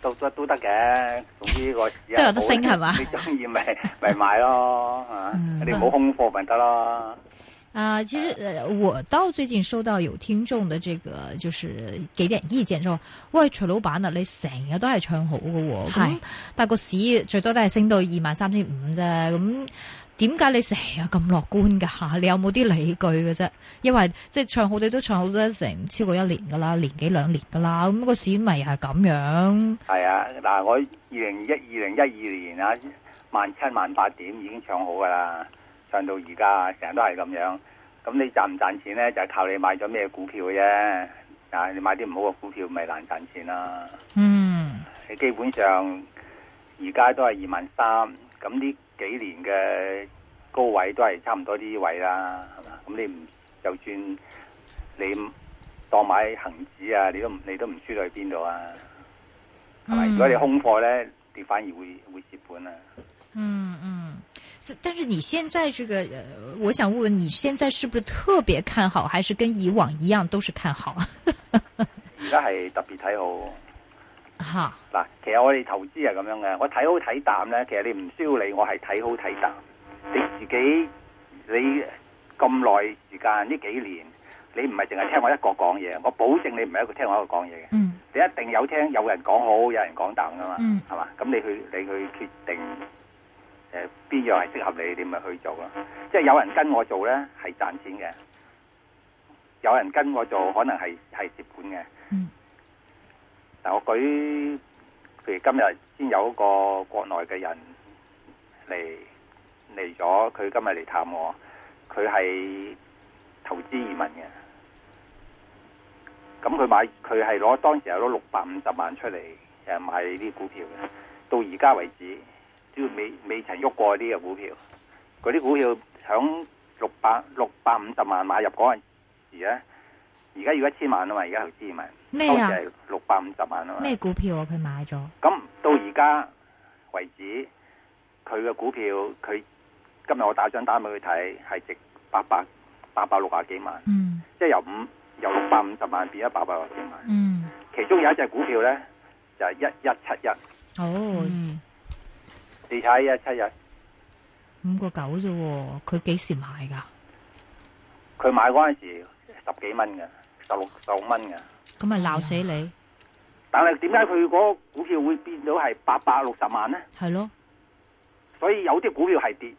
都得都得嘅，總之個 我都升啊好，你中意咪咪買咯，吓、 嗯啊、你冇空貨咪得咯。啊，其實、啊、我到最近收到有聽眾嘅這個，就是幾啲意見之後，喂，徐老闆呢，你成日都係唱好嘅喎，咁是但個市最多都係升到二萬三千五啫，咁、嗯。嗯點解你成日咁樂觀噶？你有冇啲理據嘅啫？因為即係、就是、唱好，你都唱好咗成超過一年噶啦，年幾兩年噶啦。咁、那個市咪係咁樣？係啊，嗱20，我二零一二零一二年啊，萬七萬八點已經唱好噶啦，唱到而家成日都係咁樣。咁你賺唔賺錢咧？就係、是、靠你買咗咩股票嘅啫。但係啊，你買啲唔好嘅股票，咪、就是、難賺錢啦。嗯，你基本上而家都係二萬三，咁呢？幾年嘅高位都係差唔多啲位啦，係嘛？咁你唔，就算你當買恒指啊，你都你都唔知道去邊度啊？係咪？嗯、如果你空貨咧，你反而會會蝕本啊。嗯嗯，但係你現在這個，我想問問，你現在是不是特別看好，還是跟以往一樣都是看好？而家係特別睇好。吓嗱，哈其實我哋投資係咁樣嘅，我睇好睇淡咧。其實你唔需要理我係睇好睇淡，你自己你咁耐時間呢幾年，你唔係淨係聽我一個講嘢，我保證你唔係一個聽我一個講嘢嘅。嗯。你一定有聽有人講好，有人講淡噶嘛？係嘛？嗯。咁你去你去決定誒邊樣係適合你，你咪去做咯。即係有人跟我做咧，係賺錢嘅；有人跟我做，可能係係蝕本嘅。嗯。但我舉，譬如今日先有一個國內嘅人嚟嚟咗，佢今日嚟探我，佢係投資移民嘅。咁佢買佢係攞當時攞六百五十萬出嚟誒買啲股票嘅，到而家為止，都未未曾喐過啲嘅股票，嗰啲股票響六百六百五十萬買入嗰陣時咧。而家要一千萬啊嘛，而家投資咪，係六百五十萬啊嘛。咩股票啊？佢買咗？咁到而家為止，佢嘅股票，佢今日我打張單俾佢睇，係值八百八百六百幾萬。嗯，即係由五由六百五十萬變咗八百六十萬。嗯，其中有一隻股票咧，就係一一七一。好，哦。嗯、你睇一七一，五個九啫。佢幾時買噶？佢買嗰陣時十幾蚊噶。十六十六蚊嘅，咁咪鬧死你！但係點解佢嗰個股票會變到係八百六十萬呢？係咯，所以有啲股票係跌，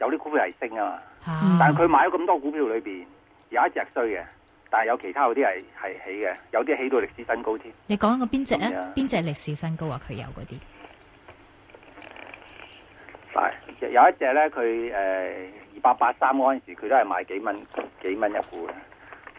有啲股票係升啊嘛。啊但係佢買咗咁多股票裏邊，有一隻衰嘅，但係有其他嗰啲係係起嘅，有啲起到歷史新高添。你講個邊隻呢？邊隻歷史新高啊？佢有嗰啲，係有一隻咧，佢誒二八八三嗰陣時，佢都係賣幾蚊幾蚊一股嘅。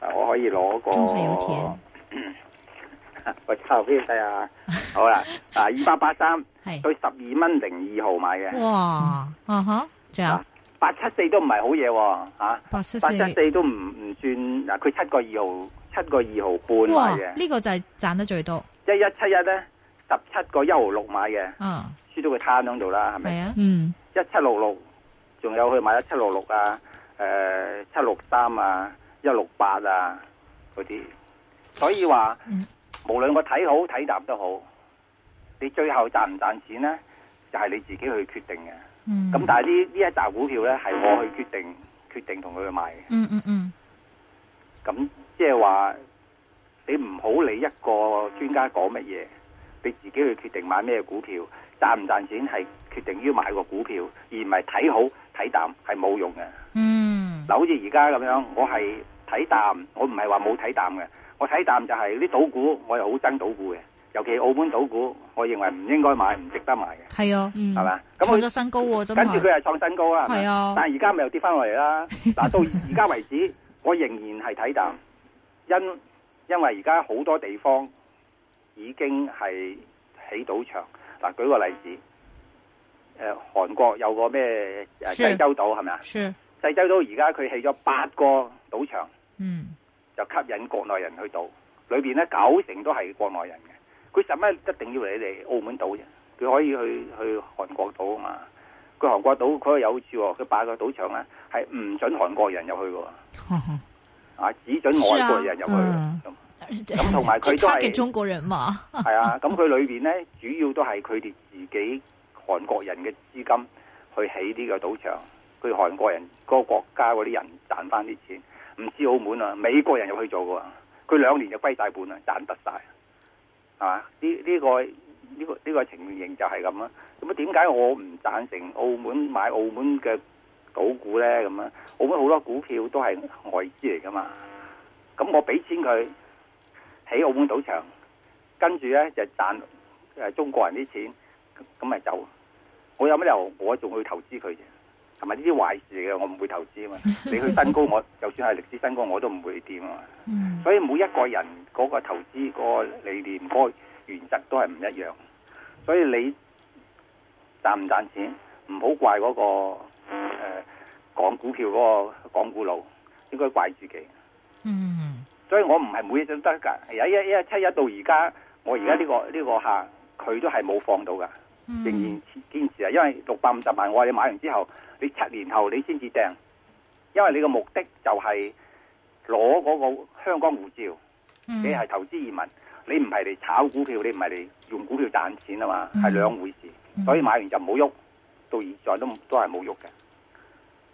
我可以攞個中石油田。喂， 俾你睇下，好啦，啊，二八八三佢十二蚊零二號買嘅。哇，嗯、啊哈，仲有八七四都唔係好嘢、啊，吓、啊，八七四都唔唔算。嗱、啊，佢七個二號，七個二號半買嘅。呢、這個就係賺得最多。一一七一咧，十七個一毫六買嘅，輸到佢攤響度啦，係咪？係啊，嗯。一七六六，仲有去買一七六六啊，誒、呃，七六三啊。一六八啊，嗰啲，所以話，無論我睇好睇淡都好，你最後賺唔賺錢呢？就係、是、你自己去決定嘅。咁、嗯、但係呢呢一打股票呢，係我去決定，決定同佢去買。嗯嗯嗯。咁即係話，你唔好理一個專家講乜嘢，你自己去決定買咩股票，賺唔賺錢係決定於買個股票，而唔係睇好睇淡係冇用嘅。嗯嗱，好似而家咁樣，我係睇淡，我唔係話冇睇淡嘅。我睇淡就係、是、啲賭股，我又好憎賭股嘅。尤其澳門賭股，我認為唔應該買，唔值得買嘅。係啊，係、嗯、嘛？咁我創咗新高喎，真係。跟住佢係創新高，創新高啊！係啊！但係而家咪又跌翻落嚟啦。嗱，到而家為止， 我仍然係睇淡，因因為而家好多地方已經係起賭場。嗱，舉個例子，誒、呃、韓國有個咩濟、啊、州島係咪啊？是濟州島而家佢起咗八個賭場，嗯、就吸引國內人去賭，裏邊咧九成都係國內人嘅。佢使乜一定要你嚟澳門賭啫？佢可以去去韓國賭啊嘛。佢韓國賭佢有注、哦，佢八個賭場咧係唔准韓國人入去嘅，啊呵只准外國人入去。咁同埋佢都係只、嗯、中國人嘛。係 啊，咁佢裏邊咧主要都係佢哋自己韓國人嘅資金去起呢個賭場。佢韓國人、嗰個國家嗰啲人賺翻啲錢，唔知澳門啊！美國人又去做嘅，佢兩年就虧大半啦，賺得晒。係嘛？呢、呢、呢個呢、呢個呢、呢個情形就係咁啦。咁啊，點解我唔贊成澳門買澳門嘅賭股咧？咁啊，澳門好多股票都係外資嚟噶嘛。咁我俾錢佢喺澳門賭場，跟住咧就賺誒中國人啲錢，咁咪走。我有乜理由？我仲去投資佢啫。同埋呢啲壞事嘅，我唔會投資啊！你去新高，我就算係歷史新高，我都唔會掂啊！所以每一個人嗰個投資嗰、嗰個理念、嗰個原則都係唔一樣。所以你賺唔賺錢，唔好怪嗰、嗰個呃、個港股票嗰個港股佬，應該怪自己。嗯。所以我唔係每一張得噶，喺一一七一到而家，我而家呢個呢、呢個客佢都係冇放到噶。仍然堅持啊！因為六百五十萬，我話你買完之後，你七年後你先至訂，因為你個目的就係攞嗰個香港護照，嗯、你係投資移民，你唔係嚟炒股票，你唔係嚟用股票賺錢啊嘛，係兩、嗯、回事，所以買完就冇喐，到現在都都係冇喐嘅。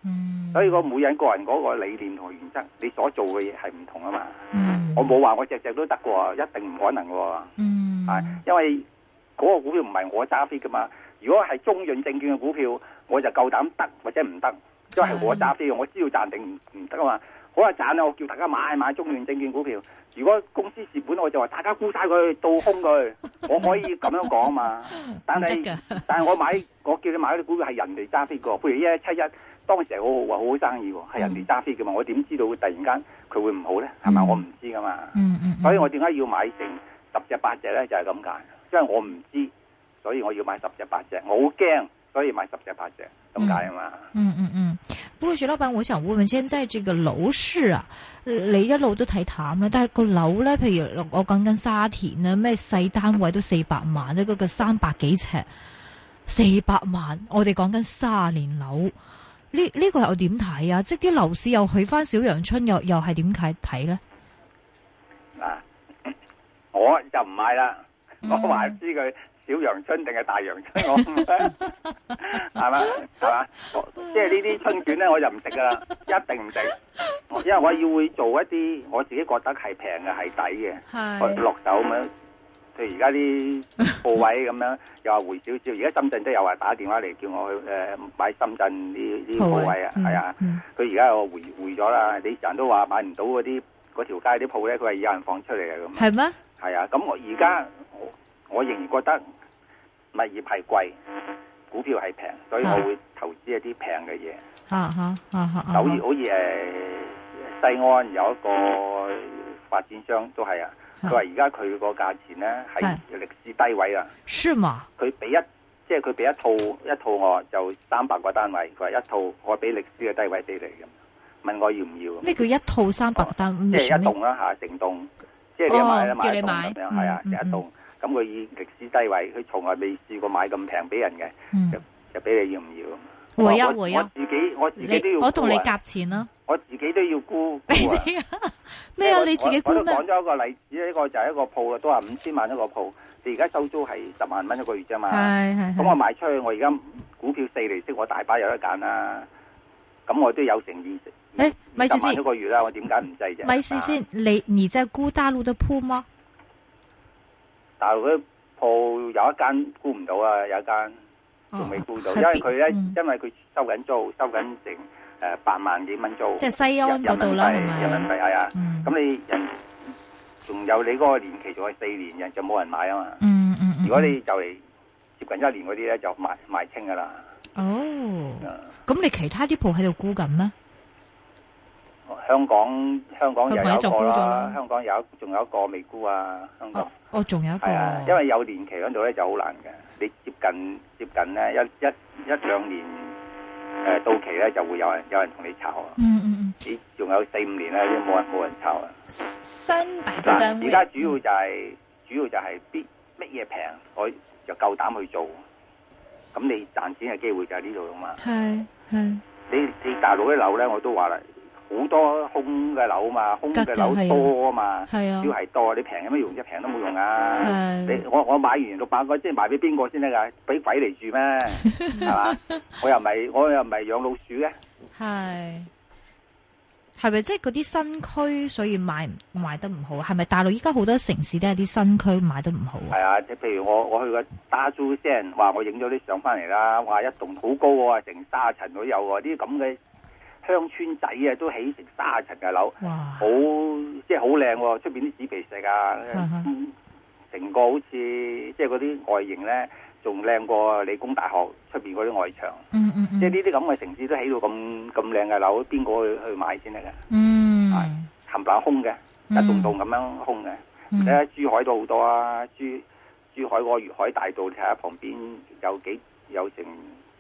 嗯，所以個每人個人嗰個理念同原則，你所做嘅嘢係唔同啊嘛。嗯、我冇話我隻隻都得過，一定唔可能嘅。嗯，係，因為。嗰個股票唔係我揸飛噶嘛？如果係中潤證券嘅股票，我就夠膽得或者唔得，都係我揸飛，我知道賺定唔唔得啊嘛。好日賺啦，我叫大家買買中潤證券股票。如果公司蝕本，我就話大家沽晒佢，倒空佢，我可以咁樣講啊嘛。 但係是但係我買，我叫你買嗰啲股票係人哋揸飛個，譬如一一七一當時好好話好好生意喎，係人哋揸飛噶嘛。我點知道會突然間佢會唔好咧？係咪吧我唔知噶嘛？嗯嗯，所以我點解要買成十隻八隻咧？就係咁解。因為我唔知，所以我要買十隻八隻，我好驚，所以買十隻八隻，咁解啊嘛。嗯嗯嗯，不過徐老闆，我想問問先，即係這個樓市啊，你一路都睇淡啦，但係個樓咧，譬如我講緊沙田啊，咩細單位都四百萬咧，嗰、那個三百幾尺，四百萬，我哋講緊卅年樓，呢呢、這個又點睇啊？即係啲樓市又去翻，小陽春又又係點睇睇咧？啊，我就唔買啦。 我話知佢小陽春定係大陽春，我唔係嘛係嘛，即係呢啲春卷咧，我就唔食噶啦，一定唔食，因為我要會做一啲我自己覺得係平嘅係抵嘅，落是手咁樣。譬如而家啲鋪位咁樣又話回少少，而家深圳都有話打電話嚟叫我去誒買深圳呢啲鋪位啊，係啊，佢而家我回回咗啦。你成日都話買唔到嗰啲條街啲鋪咧，佢係有人放出嚟嘅咁。係咩嗎？係啊，咁我而家。嗯我仍然覺得物業係貴，股票係平，所以我會投資一啲平嘅嘢。啊哈啊哈啊！樓、huh, 宇、uh huh, uh huh. 好似誒西安有一個發展商都係啊，佢話而家佢個價錢咧喺歷史低位啊，uh huh. 就是嘛？佢俾一即係佢俾一套一套我就三百個單位，佢話一套我俾歷史嘅低位俾你咁，問我要唔要？咩叫一套三百個單，即係、啊就是、一棟啦、啊、嚇，成棟，即係你買一萬蚊咁樣，係啊，成棟。咁佢以歷史低位，佢從來未試過買咁平俾人嘅、嗯，就就俾你要唔要？會啊會啊，自己我，憂我自己都要，我同你夾錢咯。我自己都要估估咩啊？你自己估咩？我講咗一個例子，呢、呢個就係一個鋪嘅，都話五千萬一個鋪，你而家收租係十萬蚊一個月啫嘛。係係係。咁我賣出去，我而家股票四厘息，我大把有得揀啦。咁我都有誠意。誒，咪事先，我點解唔制啫，咪事先，你而家估大陸嘅鋪嗎？但係嗰鋪有一間沽唔到啊，有一間仲未沽到，因為佢咧，因為佢收緊租，收緊成誒八萬幾蚊租，即係西安嗰度啦，係咪啊？人民幣係啊，咁你人仲有你嗰個年期仲係四年，人就冇人買啊嘛。嗯嗯嗯。如果你就嚟接近一年嗰啲咧，就賣賣清噶啦。哦，咁你其他啲鋪喺度沽緊咩？香港香港有一個啦，香港有一仲有一個未沽啊，香港哦，仲有一個，因為有年期嗰度咧就好難嘅，你接近接近咧一一一兩年誒到期咧就會有人有人同你炒啊，嗯嗯嗯，你仲有四五年咧冇人冇人炒啊，三百個單位，而家主要就係主要就係必乜嘢平，我就夠膽去做，咁你賺錢嘅機會就喺呢度啊嘛，係係，你你大陸啲樓咧我都話啦。好多空嘅樓嘛，空嘅樓多啊嘛，要係多，你平有咩用？一平都冇用啊！的你我我買完六百個，即係賣俾邊個先得噶？俾鬼嚟住咩？係嘛？ 我又唔係我又唔係養老鼠嘅？係係咪即係嗰啲新區所以賣賣得唔好？係咪大陸依家好多城市都係啲新區賣得唔好啊？係啊，即係譬如我我去我個沙洲先，話我影咗啲相翻嚟啦，話一棟好高喎，成卅層都有喎，啲咁嘅。鄉村仔啊，都起成三層嘅樓，哇好即係好靚。出邊啲紙皮石啊，成是個好似即係嗰啲外形咧，仲靚過理工大學出邊嗰啲外牆。嗯嗯嗯、即係呢啲咁嘅城市都起到咁咁靚嘅樓，邊個去去買先得㗎？啊、嗯，冚唪唥空嘅，一棟棟咁樣空嘅。睇下、嗯、珠海都好多啊，珠珠海個粵海大道睇下旁邊有幾有成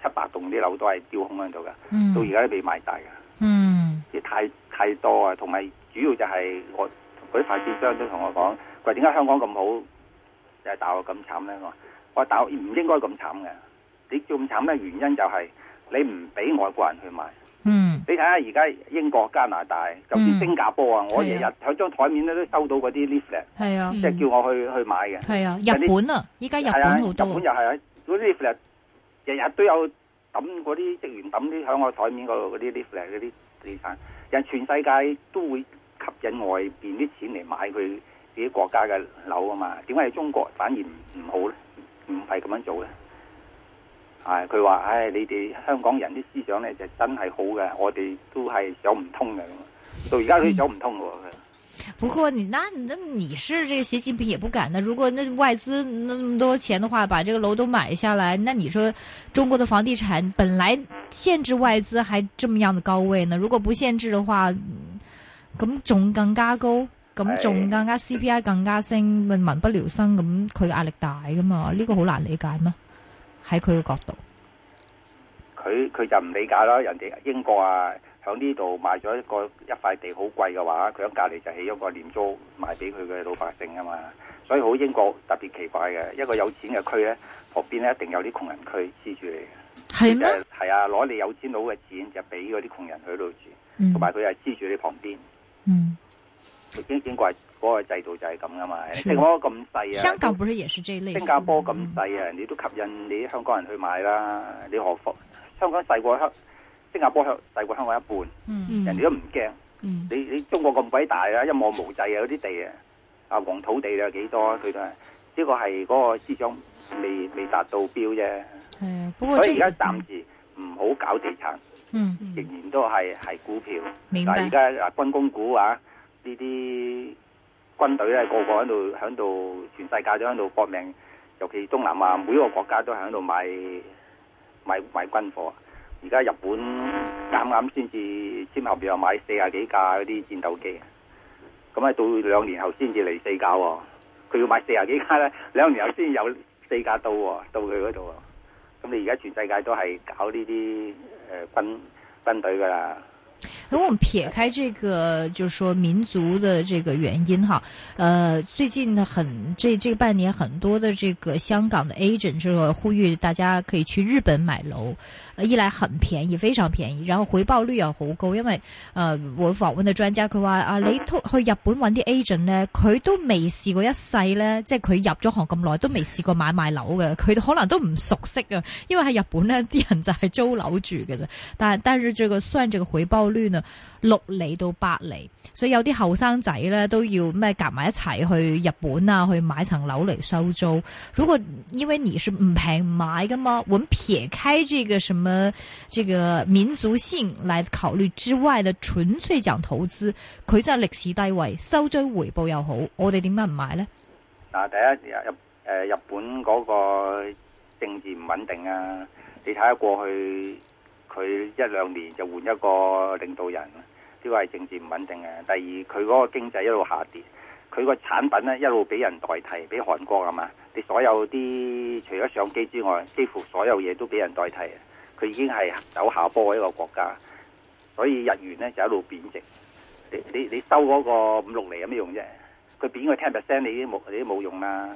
七八棟啲樓都係雕空喺度噶，到而家都未賣晒噶，亦太太多啊！同埋主要就係我嗰啲發展商都同我講，佢話點解香港咁好，又打我咁慘咧？我我話打唔應該咁慘嘅，你叫咁慘咧，原因就係你唔俾外國人去買。嗯，你睇下而家英國、加拿大，甚至新加坡啊，我日日喺張台面咧都收到嗰啲 leaflet，即係叫我去去買嘅。係啊，日本啊，依家日本好多，日本又係嗰啲 leaflet 日日都有抌嗰啲職員抌啲喺我台面嗰度嗰啲啲 flag 嗰啲地產，人全世界都會吸引外邊啲錢嚟買佢自己國家嘅樓啊嘛，點解中國反而唔唔好咧？唔係咁樣做咧，係佢話：，唉、哎，你哋香港人啲思想咧就真係好嘅，我哋都係走唔通嘅，到而家都走唔通喎。不過你那那你是這個習近平也不敢。那如果外資那外資那麼多錢的話，把這個樓都買下來，那你說中國的房地產本來限制外資還這麼樣的高位呢？如果不限制的話，咁仲更加高，咁仲更加 CPI 更加升，咁民不聊生，咁佢壓力大噶嘛？呢、這個好難理解咩？喺佢嘅角度，佢佢就唔理解啦，人哋英國啊。喺呢度賣咗一個一塊地好貴嘅話，佢喺隔離就起一個廉租賣俾佢嘅老百姓啊嘛，所以好英國特別奇怪嘅，一個有錢嘅區咧，旁邊咧一定有啲窮人區黐住你，係咩嗎？係、就是、啊，攞你有錢佬嘅錢就俾嗰啲窮人去度住，同埋佢又黐住你旁邊。嗯，英國嗰、那個制度就係咁啊嘛，地方咁細啊，香港不是也是這一類？新加坡咁細啊，嗯、你都吸引你香港人去買啦，你何況香港細過香？新加坡香大過香港一半，嗯、人哋都唔驚。嗯、你你中國咁鬼大啦，一望無際啊，嗰啲地啊，啊黃土地又有幾多？佢都係呢個係嗰個思想未未達到標啫。係、嗯，嗯、所以而家暫時唔好搞地產，仍、嗯嗯、然都係係股票。明白。而家啊軍工股啊，呢啲軍隊咧個個喺度喺度，全世界都喺度搏命。尤其東南亞每一個國家都喺度買買買,買軍火。而家日本啱啱先至簽合約買四十幾架嗰啲戰鬥機，咁啊到兩年後先至嚟四架喎，佢要買四十幾架咧，兩年後先、哦、有四架到、喎、到佢嗰度，咁你而家全世界都係搞呢啲誒軍軍隊噶啦。咁我們撇開這個，就是說民族的這個原因哈，呃，最近呢，很這這半年很多的這個香港的 agent，就呼籲大家可以去日本買樓，呃，一來很便宜，非常便宜，然後回報率又好高，因為，呃，我訪問的專家，佢話啊，你通去日本揾啲 agent 咧，佢都未試過一世咧，即係佢入咗行咁耐都未試過買賣樓嘅，佢可能都唔熟悉啊，因為喺日本呢啲人就係租樓住嘅啫，但係但係呢個算係個回報率。亂啊，六厘到八厘，所以有啲後生仔咧都要咩夾埋一齊去日本啊，去買層樓嚟收租。如果因為你是唔平唔買㗎嘛，我們撇開這個什麼這個民族性來考慮之外的純粹就投資，佢真係歷史低位，收租回報又好，我哋點解唔買呢？嗱，第一日日誒，日本嗰個政治唔穩定啊，你睇下過去。佢一兩年就換一個領導人，呢個係政治唔穩定嘅。第二，佢嗰個經濟一路下跌，佢個產品咧一路俾人代替，俾韓國啊嘛。你所有啲除咗相機之外，幾乎所有嘢都俾人代替。佢已經係走下坡嘅一個國家，所以日元咧就一路貶值。你你你收嗰個五六厘有咩用啫？佢貶個 ten percent，你啲冇你都冇用啦。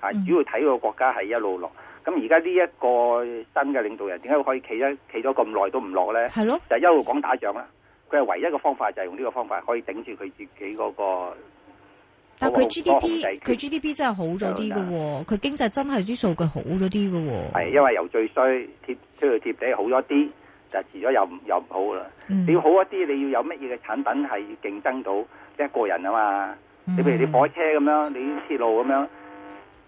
啊，主要睇個國家係一路落。咁而家呢一個新嘅領導人點解可以企咧企咗咁耐都唔落咧？係咯，就一路講打仗啦。佢係唯一嘅方法就係用呢個方法可以頂住佢自己嗰個。但佢 GDP 佢 GDP 真係好咗啲㗎喎，佢經濟真係啲數據好咗啲㗎喎。係因為由最衰貼即係貼地好咗啲，就係遲咗又又唔好啦。你要好一啲，你要有乜嘢嘅產品係要競爭到一個人啊嘛？你譬如你火車咁樣，你鐵路咁樣。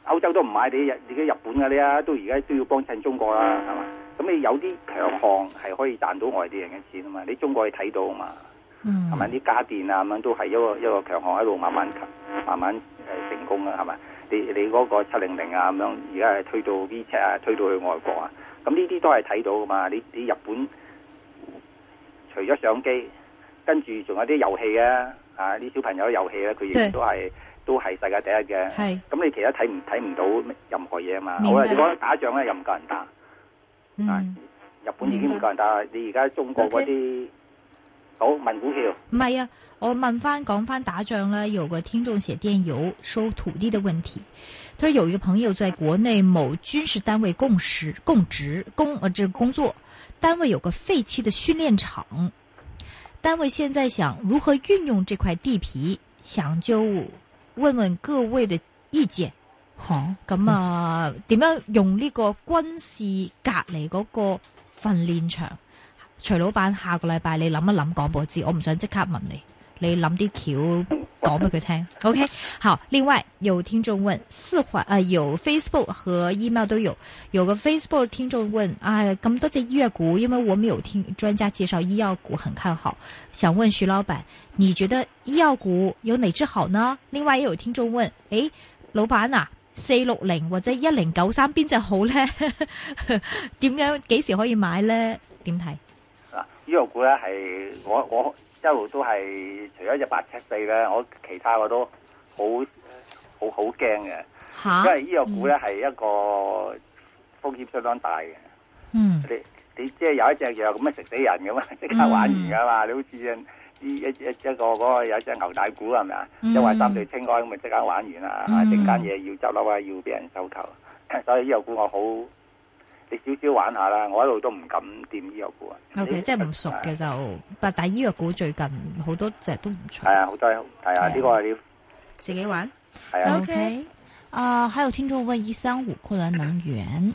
歐洲都唔買你日，自己日本噶你啊，都而家都要幫襯中國啦，係嘛？咁你有啲強項係可以賺到外地人嘅錢啊嘛？你中國係睇到啊嘛？係咪啲家電啊咁樣都係一個一個強項喺度慢慢慢慢誒、呃、成功啊？係咪？你你嗰個七零零啊咁樣，而家係推到 WeChat 啊，推到去外國啊？咁呢啲都係睇到啊嘛？你你日本除咗相機，跟住仲有啲遊戲啊，啊啲小朋友遊戲咧、啊，佢亦都係。都係世界第一嘅。咁是你其他睇唔睇唔到任何嘢啊嘛？白好啦、啊，你講打仗咧又唔夠人打，啊、嗯，日本已經唔夠人打，白你而家中國嗰啲 Okay. 好問股票。唔係啊，我問翻講翻打仗咧，有個聽眾寫電郵收土地嘅問題，佢有一個朋友在國內某軍事單位共時供職工，呃，這工作單位有個廢棄嘅訓練場，單位現在想如何運用這塊地皮，想就。問問各位嘅意見，吓咁蛤啊？點樣用呢個軍事隔離個訓練場？徐老闆，下個禮拜你諗一諗廣播置，我唔想即刻問你。你諗啲橋講俾佢聽，OK？好，另外有聽眾問四環啊、呃，有 Facebook 和 email 都有，有個 Facebook 聽眾問啊，咁多隻醫藥股，因為我有聽專家介紹醫藥股很看好，想問徐老闆，你覺得醫藥股有哪隻好呢？另外也有聽眾問，誒、欸，老闆啊，四六零或者一零九三邊隻好呢？點 樣？幾時可以買呢？點睇？嗱，醫藥股咧係我我。我一路都係除咗隻八七四咧，我其他我都好我好好驚嘅，因為呢個股咧係一個風險相當大嘅。嗯、啊 um,，你你即係有一隻藥咁樣食死人咁嘛，即刻玩完噶嘛？Um, 你好似呢一一一個嗰個有一隻牛仔股係咪，一壞三對青光咁咪即刻玩完啦，整間嘢要執笠啊，要俾人收購， 所以呢個股我好。你少少玩下啦，我一路都唔敢掂醫藥股啊。O K，即係唔熟嘅就，八大醫藥股最近好多隻都唔錯。係啊，好多係啊，呢、啊、個係點、這個？自己玩。係啊。O K，啊，還有聽眾問一三五昆侖能源。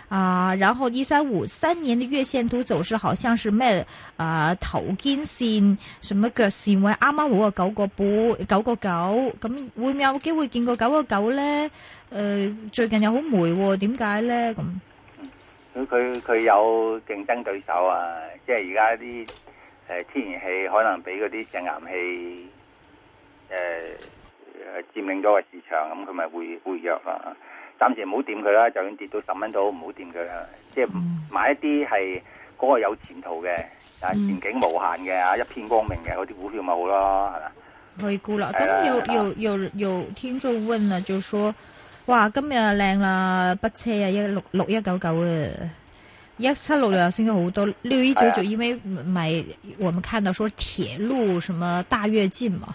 啊，然後一三五三年的月線圖走勢，好像是咩？啊頭肩線，什麼腳線位啱啱好個九個半九個九，咁、嗯、會唔會有機會見過九個九咧？誒、呃，最近又好霉、哦，點解咧？咁、嗯，佢佢佢有競爭對手啊，即係而家啲誒天然氣可能俾嗰啲石岩氣誒誒、呃、佔領咗個市場，咁佢咪會會弱啊。暫時唔好掂佢啦，就算跌到十蚊到，唔好掂佢。即係買一啲係嗰個有前途嘅，啊前景無限嘅，啊、嗯、一片光明嘅嗰啲股票咪好咯，係嘛？可以估啦。咁有的有有有，有聽眾問啊，就說：哇，今日靚啦，北車啊，一六六一九九啊，一七六六升咗好多。六一九九，因為咪的我們看到說鐵路什麼大躍進嘛，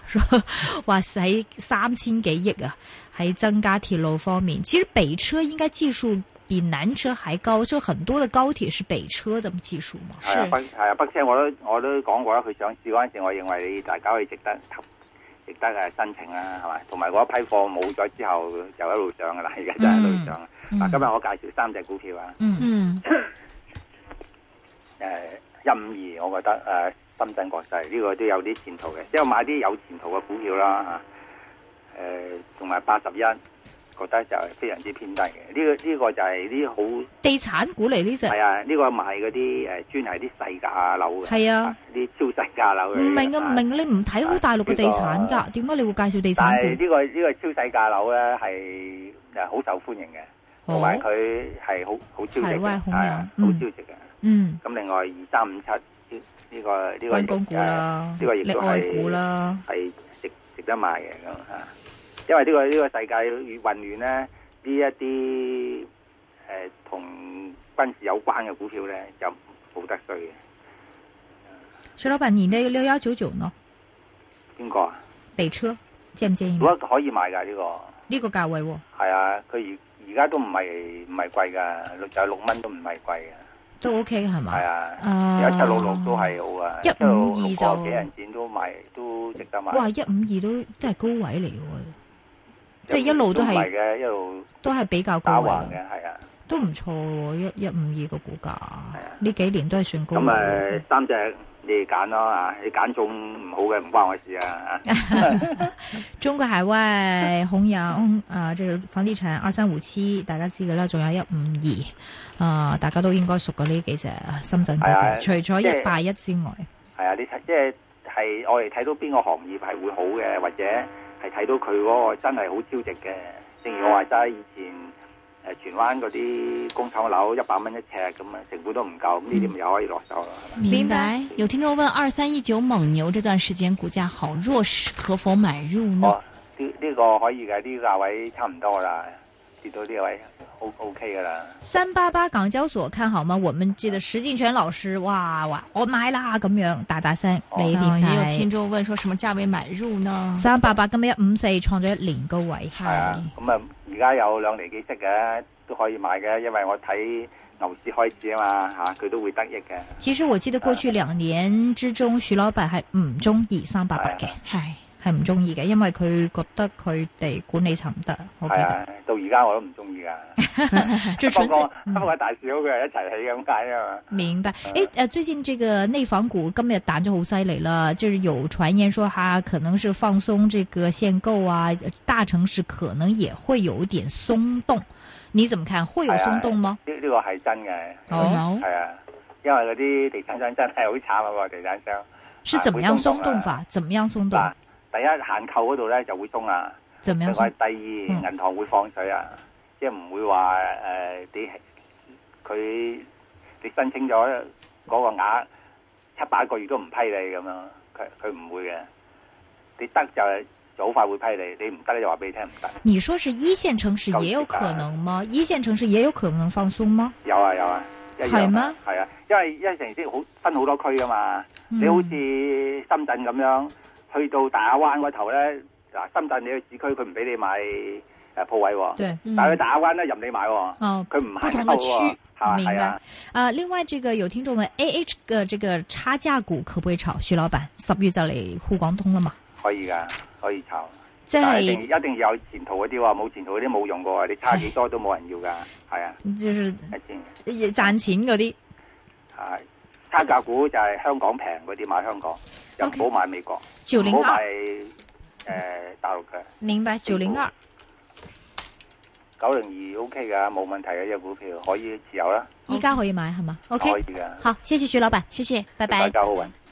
話使三千幾億啊。喺增加鐵路方面，其實北車應該技術比南車還高，就很多嘅高鐵是北車咁技術嘛。係是啊，北係啊，北車我都我都講過啦，佢上市嗰陣時，我認為大家可以值得值得啊申請啦、啊，係嘛。同埋嗰一批貨冇咗之後，就一路漲噶啦，而家就係一路漲。嗱、嗯，嗯、今日我介紹三隻股票啊。嗯。誒、嗯，一五二，我覺得誒、呃，深圳國際呢、這個都有啲前途嘅，即係買啲有前途嘅股票啦吓。啊誒，同埋八十一，覺得就係非常之偏低嘅。呢個呢個就係啲好地產股嚟呢隻。係啊，呢個賣嗰啲誒，專係啲細價樓嘅。係啊，啲超細價樓。唔明啊，唔明啊，你唔睇好大陸嘅地產噶？點解你會介紹地產？但係呢個呢個超細價樓咧係誒好受歡迎嘅，同埋佢係好好超值嘅，係啊，好超值嘅。嗯。咁另外二三五七呢呢個呢個軍工股啦，呢個亦都係。值得買嘅咁吓，因為呢個呢個世界混亂咧，呢一啲誒同軍事有關嘅股票咧就冇得追嘅。徐老闆，你呢個六幺九九呢？邊個啊？北車，建唔建議？如果可以買噶呢個？呢個價位哦？係啊，佢而而家都唔係唔係貴噶，就六蚊都唔係貴嘅。都 OK 係咪？係啊，而家七六六都係好啊，一五二就幾銀錢都買，都值得買。哇就！一五二都都係高位嚟嘅，即係一路都係，一路都係比較高位嘅，係啊，都唔錯。一一五二個股價啊，呢幾年都係算高。咁咪三隻。你揀咯啊！你揀種唔好嘅唔關我事啊！ 中國海外、宏、呃、洋，啊，即係房地產二三胡痴，大家知噶啦，仲有一五二啊，大家都應該熟嘅呢幾隻深圳股嘅，啊、除咗一八一之外，係啊！呢、啊、即係我哋睇到邊個行業係會好嘅，或者係睇到佢嗰個真係好超值嘅。正如我話齋以前。誒，荃灣嗰啲工廠樓一百蚊一尺，咁啊成本都唔夠，咁呢啲咪又可以落手咯。明白，嗯、有聽眾問二三一九蒙牛這段時間股價好弱勢，可否買入呢？呢呢、哦這個可以嘅，呢、這、價、個、位差唔多啦，跌到呢位 O O K 噶啦。三八八港交所看好嗎？我們記得石敬泉老師，哇哇，我買啦咁樣打打，大大聲你明白。有聽眾問說什麼價位買入呢？三八八今日一五四創咗一年高位。係咁啊。嗯嗯而家有兩厘幾息嘅都可以買嘅，因為我睇牛市開始嘛啊嘛吓，佢都會得益嘅。其實我記得過去兩年之中，啊、徐老闆係唔中意三八八嘅，係、哎呀。係唔中意嘅，因為佢覺得佢哋管理層唔得。我記得、啊、到而家我都唔中意噶。最蠢先，三位包括、嗯、大小嘅一齊起咁解啊明白，誒誒、啊欸啊，最近呢個內房股今日彈咗好犀利啦，就是有傳言說哈，可能是放鬆呢個限購啊，大城市可能也會有啲鬆動。你怎點看？會有鬆動嗎？呢呢、啊這個係真嘅。哦，係啊，因為嗰啲地產商真係好慘啊，地產商。啊、是點樣鬆動法、啊？點、啊、樣鬆動？第一，限購嗰度咧就會鬆啊，另外第二、嗯、銀行會放水啊，即係唔會話誒、呃、你佢你申請咗嗰個額七八個月都唔批你咁樣，佢佢唔會嘅。你得就係、是、早快會批你，你唔得就話俾你聽唔得。你說是一線城市也有可能嗎？一線城市也有可能放鬆嗎？有啊，有啊，係嗎？係啊，因為一線城市好分好多區噶嘛，嗯、你好似深圳咁樣。去到大亞灣嗰頭咧，嗱，深圳你去市區佢唔俾你買誒鋪位，但係去大亞灣咧任你買，佢唔限嘅喎。不同的區，明白。誒，另外這個有聽眾問，A H 嘅這個差價股可唔可以炒？徐老闆十月就嚟滬港通啦嘛？可以噶，可以炒。即係一定要有前途嗰啲喎，冇前途嗰啲冇用嘅喎，你差幾多都冇人要噶，係啊。就是賺錢嗰啲，係差價股就係香港平嗰啲買香港。又唔好買美國，唔好買誒大陸嘅。明白，九零二，九零二 OK 噶冇問題嘅，有股票可以持有啦。依家可以買係嘛？OK 可以噶。好，謝謝徐老闆，謝謝， 拜拜。